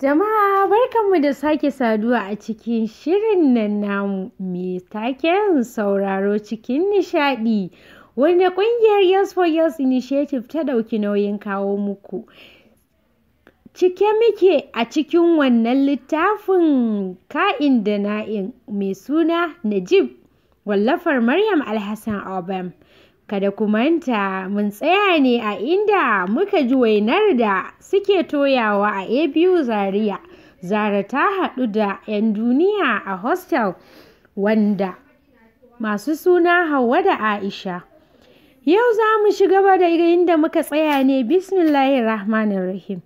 Jama'a barkanmu da sake saduwa a cikin shirin nan namu mai taken sauraro cikin nishaɗi wanda ƙungiyar Yes for Yes Initiative ta ɗauki nauyin kawo muku. Cike muke a cikin wannan littafin ka'in da na'in mai suna Najib wallafar Maryam Alhassan Obam Kada ku manta mun tsaya ne a inda muka ji wainar da suke toyawa a ABU Zaria. Zara ta haɗu da 'yan duniya a hostel wanda masu suna Hauwa da Aisha. Yau za mu shiga gaba da inda muka tsaya ne Bismillahirrahmanirrahim.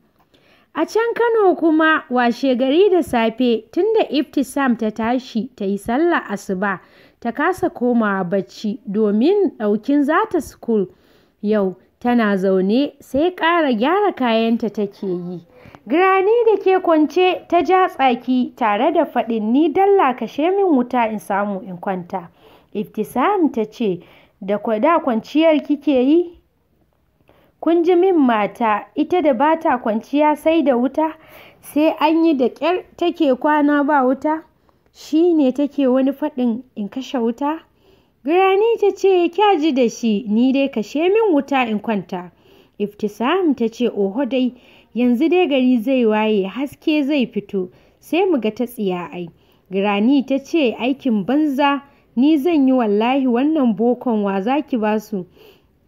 A can Kano kuma washe gari da safe tunda Iftisam ta tashi ta yi sallah asuba. ta kasa komawa bacci domin ɗaukin za ta school yau tana zaune sai ƙara gyara kayanta take yi. Girani da ke kwance ta ja tsaki tare da faɗin ni dalla kashe min wuta in samu in kwanta. Iftisam ta ce, da kwada kwanciyar kike yi? Kun ji min mata, ita da bata kwanciya sai da wuta, sai an yi da ƙyar take kwana ba wuta? shi ne take wani faɗin in kashe wuta? Birani ta ce, kya ji da shi, ni dai kashe min wuta in kwanta. Iftisam ta ce, oho dai, yanzu dai gari zai waye, haske zai fito, sai mu ga ta tsiya ai. Girani ta ce, aikin banza, ni zan yi wallahi wannan bokon wa za ki ba su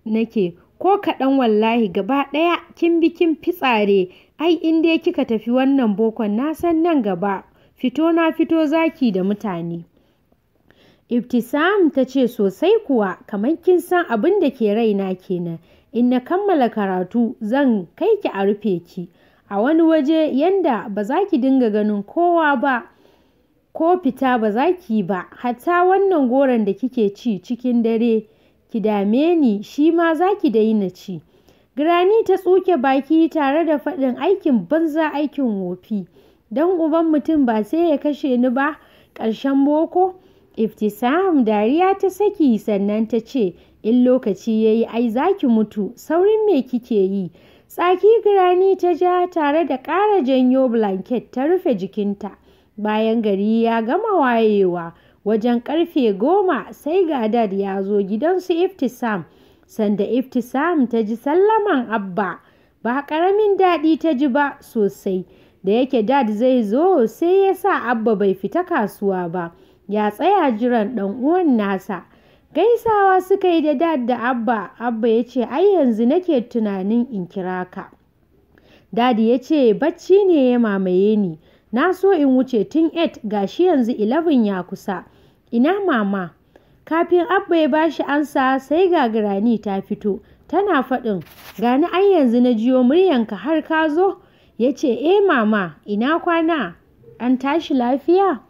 nake, ko kaɗan wallahi gaba ɗaya kin bi kin fitsare, ai in dai kika tafi wannan bokon na san nan gaba. fito na fito zaki da mutane Ibtisam ta ce sosai kuwa kamar kin san abin da ke raina kenan in na kammala karatu zan kai ki a rufe ki a wani waje yanda ba za ki dinga ganin kowa ba ko fita ba za ki ba hatta wannan goron da kike ci cikin dare ki dame ni shi ma za ki daina ci Girani ta tsuke baki tare da faɗin aikin banza aikin wofi. Don uban mutum ba sai ya kashe ni ba, ƙarshen boko? Iftisam dariya ta saki sannan ta ce, in lokaci ya yi ai za ki mutu, saurin me kike yi? Tsaki girani ta ja tare da ƙara janyo blanket ta rufe jikinta. Bayan gari ya gama wayewa, wajen ƙarfe goma sai ga dad ya zo gidansu Iftisam. Sanda Iftisam ta ji sallaman Abba, ba ƙaramin daɗi ta ji ba sosai. Da yake dad zai zo sai ya sa Abba bai fita kasuwa ba, ya tsaya jiran ɗan uwan nasa. Gaisawa suka yi da dad da Abba, Abba ya ce ai yanzu nake tunanin in kira ka. Dad ya ce bacci ne ya mamaye ni, na so in wuce tun 8 shi yanzu 11 ya kusa. Ina mama? Kafin Abba ya bashi ansa sai ga Granny ta fito, tana faɗin, gani an yanzu na jiyo muryanka har ka zo, ya ce, Eh mama, ina kwana? An tashi lafiya?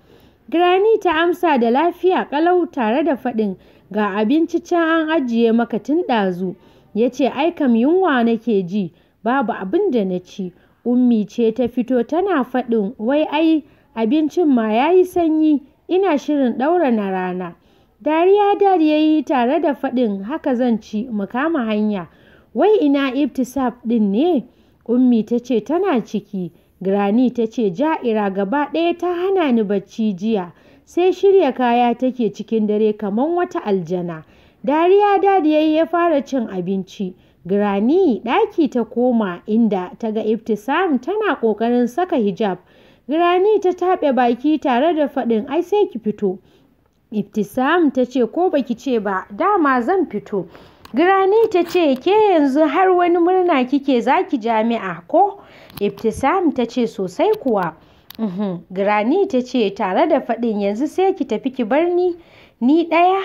Granny ta amsa da lafiya ƙalau tare da faɗin ga abinci can an ajiye maka tun ɗazu. Ya ce, Ai kam yunwa nake ji, babu abin da na ci. Ummi ce ta fito tana faɗin wai ai abincin ma ya yi sanyi ina shirin ɗaura na rana. Dariya dariya yi tare da faɗin haka zan ci mu kama hanya. Wai ina iftisaf ɗin ne? Ummi ta ce tana ciki. Granny ta ce Ja'ira gaba ɗaya ta hana ni bacci jiya, sai shirya kaya take cikin dare kamar wata aljana. Dariya dadi ya fara cin abinci. Granny ɗaki ta koma inda ta ga Iftisam tana ƙoƙarin saka hijab. Granny ta taɓe baki tare da faɗin ai sai ki fito. Iftisam ta ce ko baki ce ba dama zan fito. girani ta ce, ke yanzu har wani murna kike zaki jami'a ko? Ibtisam ta ce sosai kuwa. Mhm. Granny ta ce tare da faɗin yanzu sai ki tafi ki bar ni ni ɗaya.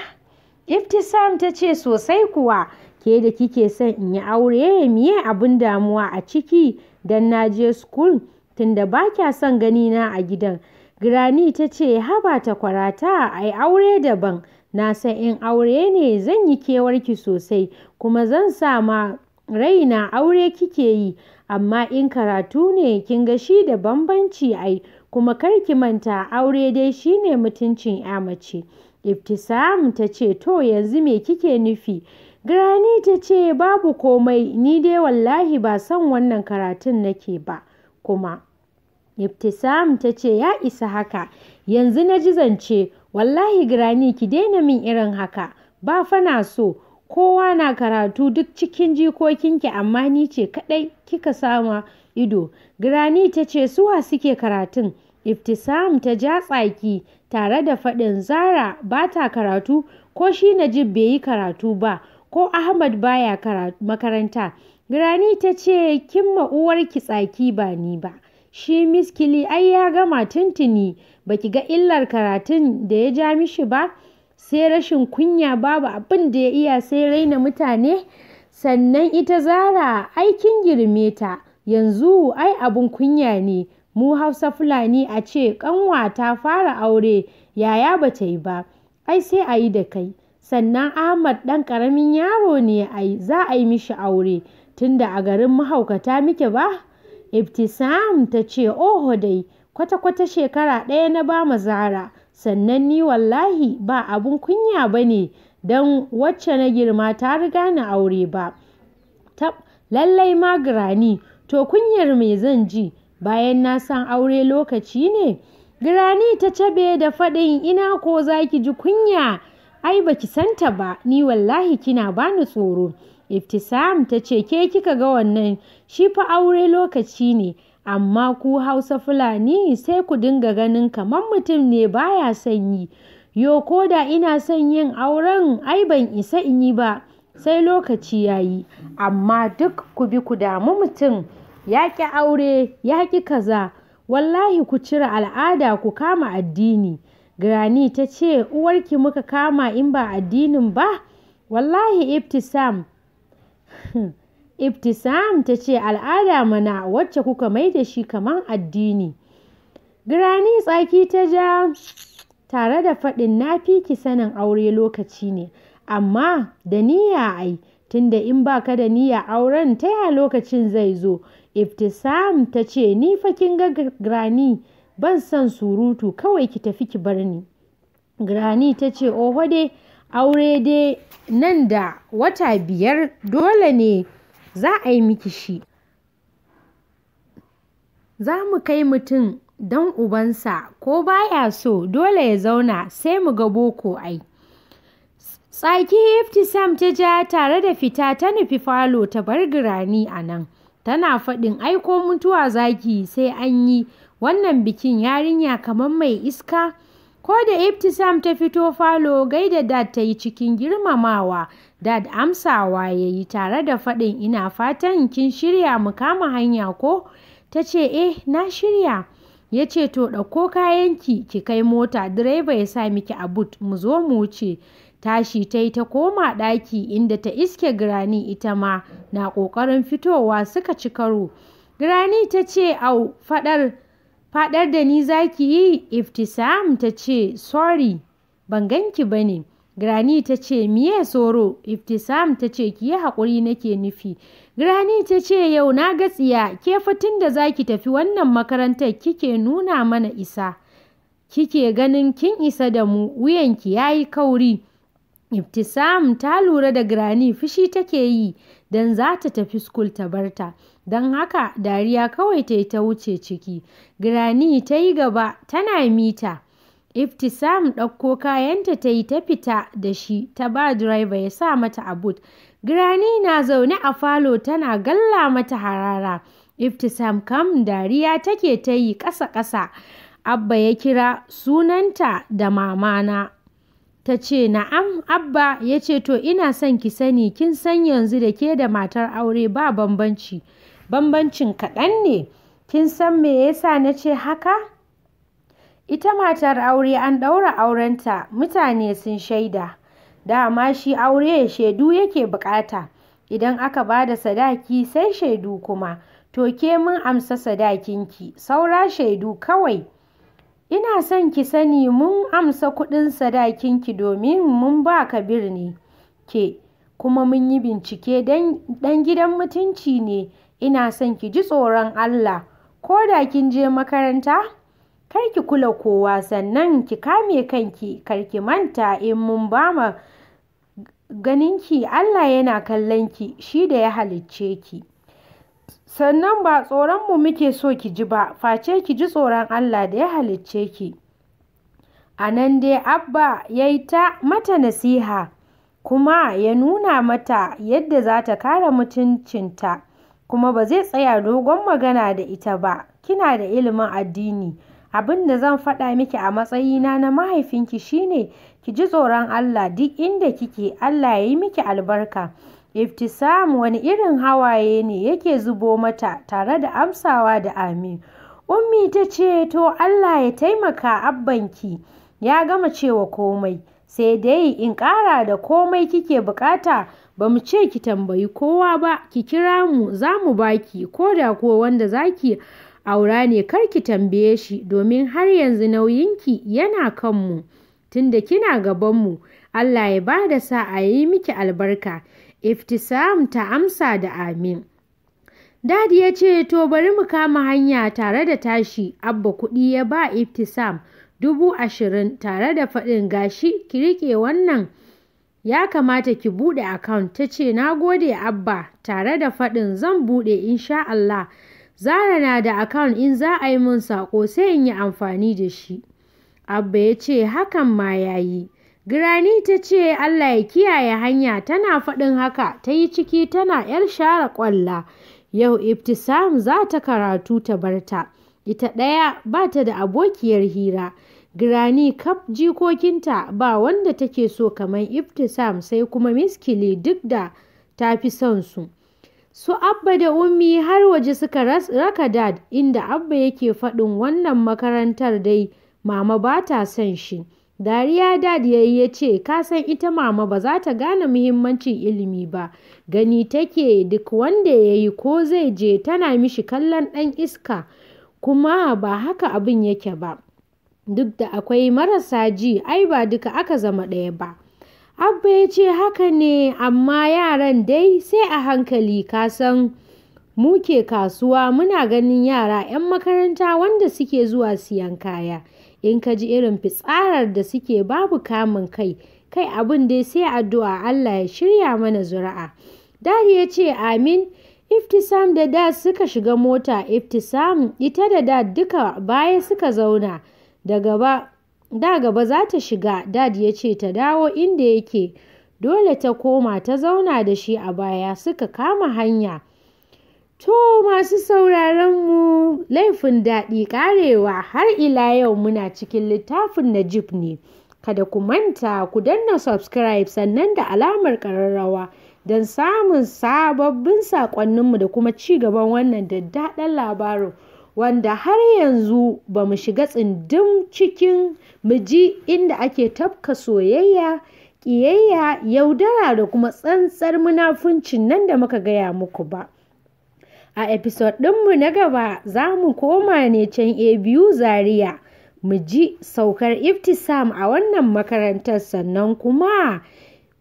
Ibtisam ta ce sosai kuwa ke da kike son in yi aure miye abin damuwa a ciki don na je school tunda ba kya son ganina a gidan. girani ta ce haba ta kwarata ai aure daban Na san in aure ne zan yi kewarki sosai kuma zan sa ma raina aure kike yi, amma in karatu ne kin ga shi da bambanci ai, kuma kar ki manta aure dai shine mutuncin 'ya mace. Ibtisam ta ce to yanzu me kike nufi? grani ta ce babu komai ni dai wallahi ba son wannan karatun nake ba kuma. Ibtisam ta ce ya isa haka, yanzu na ji zance, wallahi girani ki daina min irin haka, ba fa na so, kowa na karatu duk cikin jikokinki amma ni ce kaɗai kika sama ido. girani ta ce suwa suke karatun, Ibtisam ta ja tsaki tare da faɗin Zara ba ta karatu ko shi Najib bai yi karatu ba ko Ahmad baya makaranta. Girani ta ce kin ma uwarki tsaki ba ni ba. Shi miskili ai ya gama tuntuni, ba ki ga illar karatun da ya ja mishi ba, sai rashin kunya babu abin da ya iya sai raina mutane. Sannan ita Zara aikin girme ta, yanzu ai abin kunya ne, mu Hausa Fulani a ce ƙanwa ta fara aure, yaya ba ta yi ba, ai sai a yi da kai. Sannan Ahmad ɗan ƙaramin yaro ne za a yi mishi aure, tunda a garin mahaukata muke ba. Ibtisam ta ce oho dai, kwata-kwata shekara ɗaya na ba mu Zara, sannan ni wallahi ba abun kunya ba ne don wacce na girma ta riga ni aure ba. Tab, lallai ma girani to kunyar me zan ji bayan na san aure lokaci ne? Girani ta cabe da faɗin ina ko za ki ji kunya, ai ba ki santa ba, ni wallahi kina bani tsoro. Iftisam ta ce ke kika ga wannan, shi fa aure lokaci ne, amma ku Hausa Fulani sai ku dinga ganin kamar mutum ne baya ya son yi. Yo ko da ina son yin auren ai ban isa in yi ba, sai lokaci ya yi, amma duk ku bi ku damu mutum, ya ƙi aure, ya ƙi kaza, wallahi ku cire al'ada ku kama addini. grani ta ce uwarki muka kama in ba addinin ba? Wallahi Iftisam Hmm. Ibtisam ta ce al'ada mana wacce kuka mai da shi kamar addini. girani tsaki ta ja tare da faɗin na fi ki sanin aure lokaci ne, amma da niyya ai, tunda in ba ka da niyya auren ta ya lokacin zai zo. Ibtisam ta ce ni fa kin ga Girani ban son surutu kawai ki tafi ki bar ni. Girani ta ce oho dai aure dai nan da wata biyar dole ne za a yi miki shi. Za mu kai mutum don ubansa ko baya so dole ya zauna sai mu ga boko ai. Tsaki Iftisam ta ja tare da fita ta nufi falo ta bar girani a nan. Tana faɗin aiko mutuwa zaki sai an yi wannan bikin yarinya kamar mai iska. Ko da Ibtisam ta fito falo gaida Dad ta yi cikin girmamawa, Dad amsawa ya yi tare da faɗin ina fatan kin shirya mu kama hanya ko? Ta ce eh na shirya. Ya ce to ɗauko kayanki ki kai mota direba ya sa miki a but mu zo mu wuce. Tashi ta yi ta koma ɗaki inda ta iske Girani ita ma na ƙoƙarin fitowa suka ci karo. Girani ta ce au faɗar faɗar da ni zaki yi iftisam ta ce sorry ban ganki ba ne grani ta ce miye soro iftisam ta ce ki yi haƙuri nake nufi grani ta ce yau na ga tsiya ke fitin da za ki tafi wannan makarantar kike nuna mana isa kike ganin kin isa da mu wuyanki ya yi kauri iftisam ta lura da grani fushi take yi don za ta tafi skul ta barta don haka dariya kawai ta yi ta wuce ciki. girani ta yi gaba tana mita. Iftisam ɗauko kayanta ta yi ta fita da shi ta ba direba ya sa mata a boot. na zaune a falo tana galla mata harara. Iftisam kam dariya take ta yi ƙasa-ƙasa. Abba ya kira sunanta da mamana. Ta ce, Na'am, Abba ya ce, To, ina son ki sani, kin san yanzu da ke da matar aure ba bambanci. bambancin kaɗan ne kin san me yasa na ce haka ita matar aure an ɗaura aurenta mutane sun shaida dama shi aure shaidu yake buƙata. idan aka ba da sadaki sai shaidu kuma to ke mun amsa sadakinki saura shaidu kawai ina son ki sani mun amsa kuɗin sadakinki domin mun ba ka ne ke kuma mun yi bincike dan gidan mutunci ne ina son ki ji tsoron Allah ko da kin je makaranta kar ki kula kowa sannan ki kame kanki kar ki manta in mun ba ma ki. Allah yana kallon ki shi da ya halicce ki sannan ba tsoron mu muke so ki ji ba face ki ji tsoron Allah da ya halicce ki a nan dai abba ya yi ta mata nasiha kuma ya nuna mata yadda za ta kare mutuncinta kuma ba zai tsaya dogon magana da ita ba, kina da ilimin addini, abin da zan faɗa miki a matsayina na mahaifinki shine. ki ji tsoron Allah duk inda kike, Allah ya yi miki albarka. Iftisam wani irin hawaye ne yake zubo mata tare da amsawa da amin. Ummi ta ce to Allah ya taimaka abbanki ya gama cewa komai sai dai in ƙara da komai kike bukata ba mu ce ki tambayi kowa ba ki kira mu za mu baki ko da kuwa wanda zaki aura ne kar ki tambaye shi domin har yanzu nauyinki yana kanmu tunda kina gabanmu Allah ya ba da sa a yi miki albarka iftisam ta amsa da amin dadi ya ce to bari mu kama hanya tare da tashi abba kuɗi ya ba iftisam dubu ashirin tare da faɗin gashi ki riƙe wannan ya kamata ki buɗe akaunt ta ce na gode abba tare da faɗin zan buɗe insha Allah zara na da akaunt in za a yi min saƙo sai in yi amfani da shi abba ya ce hakan ma ya yi Girani ta ce Allah ya kiyaye hanya tana faɗin haka ta yi ciki tana 'yar share ƙwalla. Yau Ibtisam za ta karatu ta barta, ita ɗaya ba ta da abokiyar hira. Granny kaf jikokinta ba wanda take so kamar Iftisam sai kuma Miskili duk da ta fi son su. Su Abba da Ummi har waje suka raka dad inda Abba yake faɗin wannan makarantar dai mama ba ta son shi. Dariya dad ya yi ya ce, Ka san ita mama ba za ta gane muhimmancin ilimi ba, gani take duk wanda ya yi ko zai je tana mishi kallon ɗan iska, kuma ba haka abin yake ba. duk da akwai marasa ji ai ba duka aka zama ɗaya ba abba ya ce haka ne amma yaran dai sai a hankali kasan san muke kasuwa muna ganin yara 'yan makaranta wanda suke zuwa siyan kaya in ka ji irin fitsarar da suke babu kamun kai kai abin dai sai addu'a Allah ya shirya mana zuri'a dari ya ce amin iftisam da da suka shiga mota iftisam ita da da duka baya suka zauna da gaba da gaba za ta shiga dad ya ce ta dawo inda yake dole ta koma ta zauna da shi a baya suka kama hanya to masu sauraronmu laifin daɗi ƙarewa har ila yau muna cikin littafin najib ne kada ku manta ku danna subscribe sannan da alamar ƙararrawa don samun sababbin saƙonninmu da kuma ci gaban wannan daddaɗan labarin wanda har yanzu ba mu shiga tsindin cikin miji inda ake tafka soyayya ƙiyayya yaudara da kuma tsantsar munafuncin nan da muka gaya muku ba a episod ɗinmu na gaba za mu koma ne can a biyu zaria mu ji saukar iftisam a wannan makarantar sannan kuma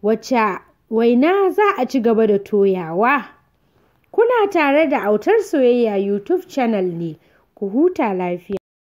wacce waina za a ci gaba da toyawa Kuna tare da autar soyayya YouTube channel ne, ku huta lafiya.